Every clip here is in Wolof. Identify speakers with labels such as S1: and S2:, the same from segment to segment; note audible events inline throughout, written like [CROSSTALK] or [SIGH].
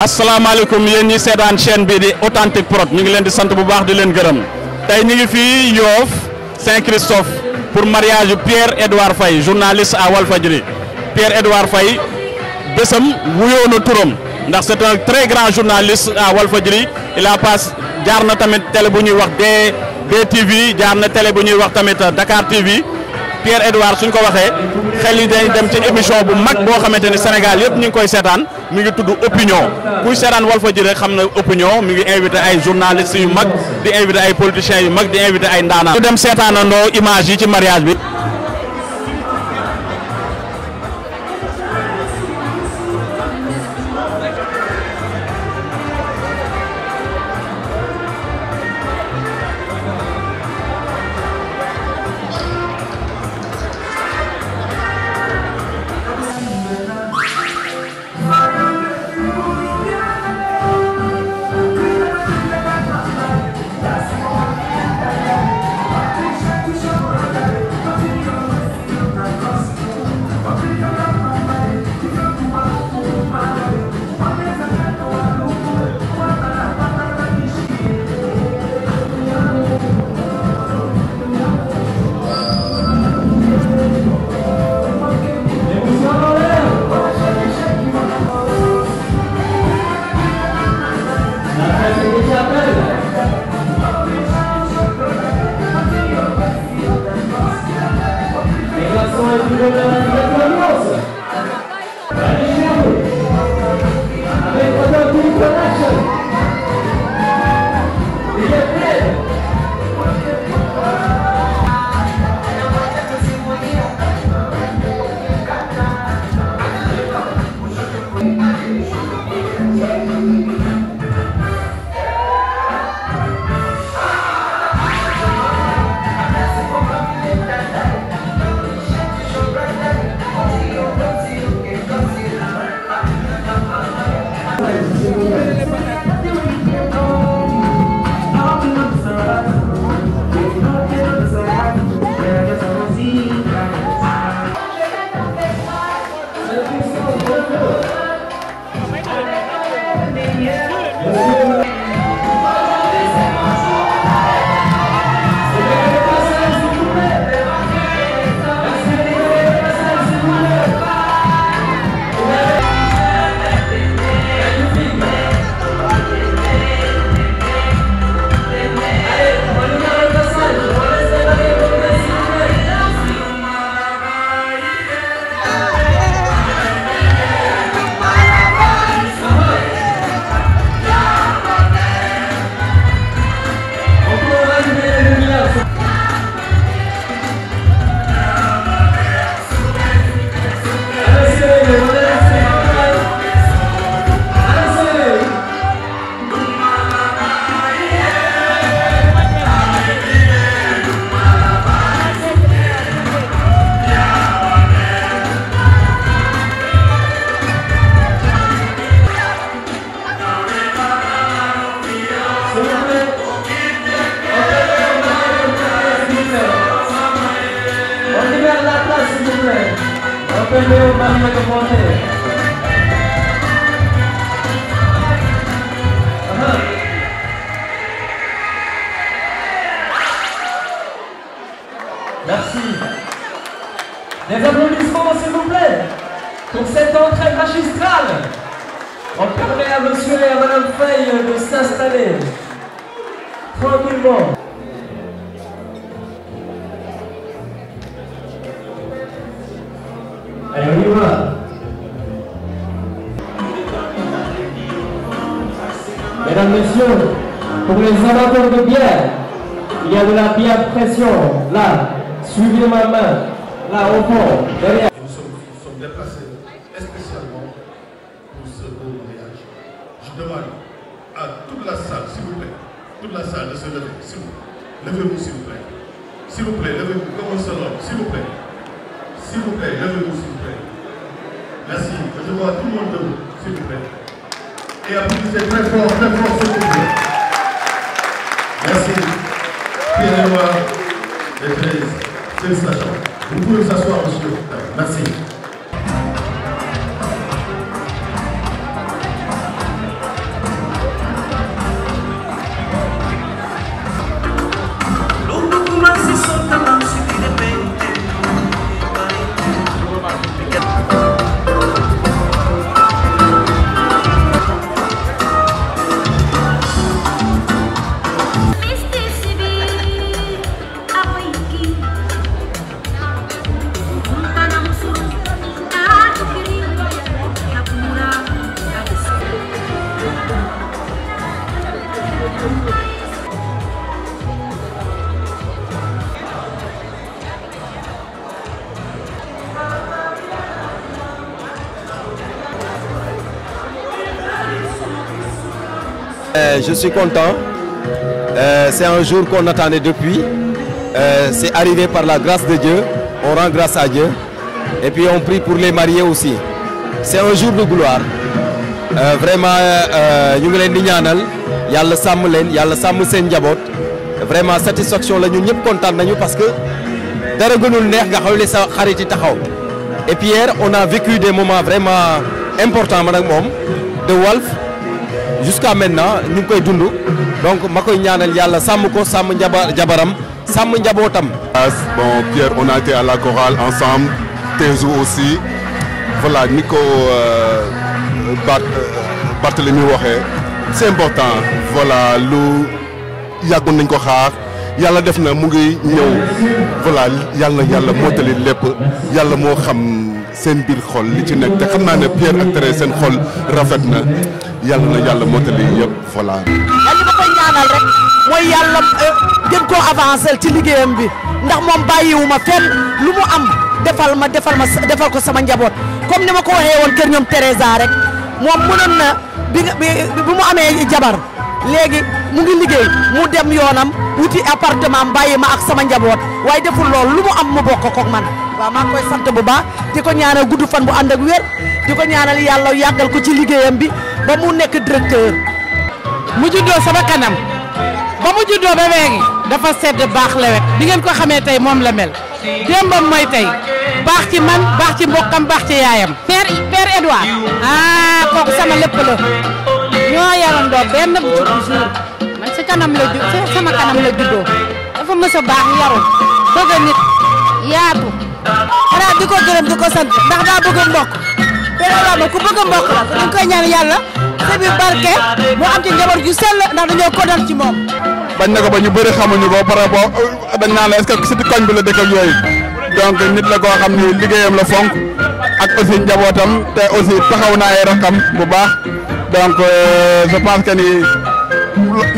S1: alaykum alaikum. ñi sétane chaîne bi di authentique prod ñu ngi leen di sant bu baax di leen gërëm tay ñu ngi fi yoof Saint-Christophe pour mariage Pierre Edouard Fay, journaliste à Walfadjri Pierre Edouard Fay, bésam wuyoo na turam ndax c'est un très grand journaliste à Walfadjri il a passé jaar na tamit télé bu ñuy wax D DTV jaar télé bu ñuy wax tamit Dakar TV Pierre Edouard suñ ko waxee xel yi day dem ci émission bu mag boo xamante ni Sénégal yëpp ñu ngi koy seetaan. mi ngi tudd opinion kuy wal Walfadjri rek xam na opinion mi ngi invité ay journalistes yu mag di invité ay politiciens yu mag di invité ay ndaana ñu dem seetaanandoo image yi ci mariage bi. Merci. Les applaudissements, s'il vous plaît, pour cette entrée magistrale. On permet à monsieur et à madame Feuille de s'installer tranquillement. Mesdames, Messieurs, pour les amateurs de bière, il y a de la bière pression, là, suivez ma main, là, au fond, derrière. Nous sommes, bien spécialement pour ce beau mariage. Je demande à toute la salle, s'il vous plaît, toute la salle de se lever, s'il vous plaît. Levez-vous, s'il vous plaît. S'il vous plaît, levez-vous commencez un s'il vous plaît. S'il vous plaît, levez-vous, Merci. Je vois tout le monde debout, s'il vous plaît. Et applaudissez très fort, très fort, s'il vous plaît. Merci. pierre loi, et très félicitations. Vous pouvez vous asseoir, monsieur. Merci. je suis content. Euh, c'est un jour qu'on attendait depuis. Euh, c'est arrivé par la grâce de Dieu. On rend grâce à Dieu. Et puis on prie pour les mariés aussi. C'est un jour de gloire. Euh, vraiment, ñu ngi leen di ñaanal leen vraiment satisfaction la sommes contents parce que nous gënul et puis hier on a vécu des moments vraiment importants madame de Wolf jusqu'à maintenant ñu koy dund donc makoy ñaanal yalla sam ko sam njaba jabaram sam njabotam bon Pierre on a été à la chorale ensemble Tezu aussi voilà ni ko euh, Bart euh, Barthélemy waxé c'est important voilà lu yàggoon nañ ko xaar. yalla def na mu ngi ñew voilà yalla yàlla mootali lepp yalla mo xam sen bir xol li ci nek te xam naa ne Pierre ak Thérèse seen xol rafet na yàlla na yàlla mottali yëpp voilà. yàlla li ma koy ñaanal rek mooy yàlla euh, gën koo avancer ci liggéeyam bi ndax moom bàyyiwu ma fenn lu mu am defal ma defal ma defal ko sama njaboot comme ni ma ko waxee woon kër ñoom Teresa rek moom mënoon na bi nga bi mu amee jabar léegi mu ngi liggéey mu dem yoonam wuti appartement bàyyi ma ak sama njaboot waaye deful loolu lu mu am mu bokk koog man waaw maa koy sant bu baax di ko ñaanal gudd fan bu ànd ak wér di ko ñaanal yàlla yàggal ko ci liggéeyam bi. ba mu nekk directeur mu juddoo sama kanam ba mu juddoo ba léegi dafa sedd baax lewet di ngeen ko xamee tey moom la mel démbam mooy tey baax ci man baax ci mbokkam baax ci yaayam. père père Edouard ah kooku sama lépp la ñoo yarandoo benn jour man si kanam la juddoo dafa mës a baax yaru bëgg nit yaatu. xanaa di ko gërëm di ko sant ndax daa bëgg mbokk. Père Bamba ku bëgg mbokk la ñu ngi koy ñaan yàlla sa barke mu am ci njaboot ju sell ndax dañoo ko dal ci moom. bañ na ko ba ñu bëri xamuñu ko par rapport dañ naan la est-ce que si koñ bi la dëkk ak yooyu donc nit la koo xam ni liggéeyam la fonk ak aussi njabootam te aussi taxaw na ay bu baax donc euh, je pense que ni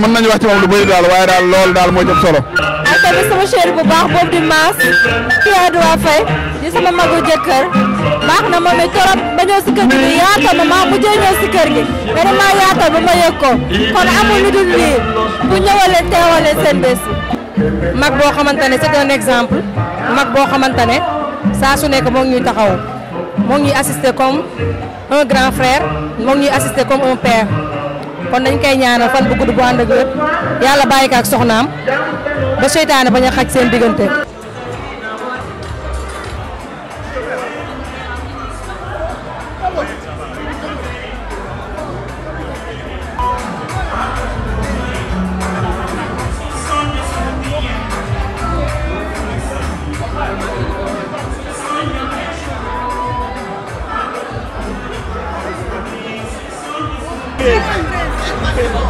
S1: mën nañu wax ci moom lu bëri daal waaye daal loolu daal moo jëm jëkkër. baax na moom it trop ba ñëw si kër gi ma maa yaatal ba ma yëg ko kon amul lu dul lii bu ñëwalee teewalee seen bés. mag boo xamante ne c'est un exemple mag boo xamante ne saa su nekk moo ngi ñuy taxaw moo ngi ñuy assister comme un grand frère moo ñuy assister comme un père kon dañ koy ñaanal fan bu gudd bu ànd ak yëpp yàlla bàyyi ko ak soxnaam ba seytaane bañ a xaj seen diggante. Thank [LAUGHS] you.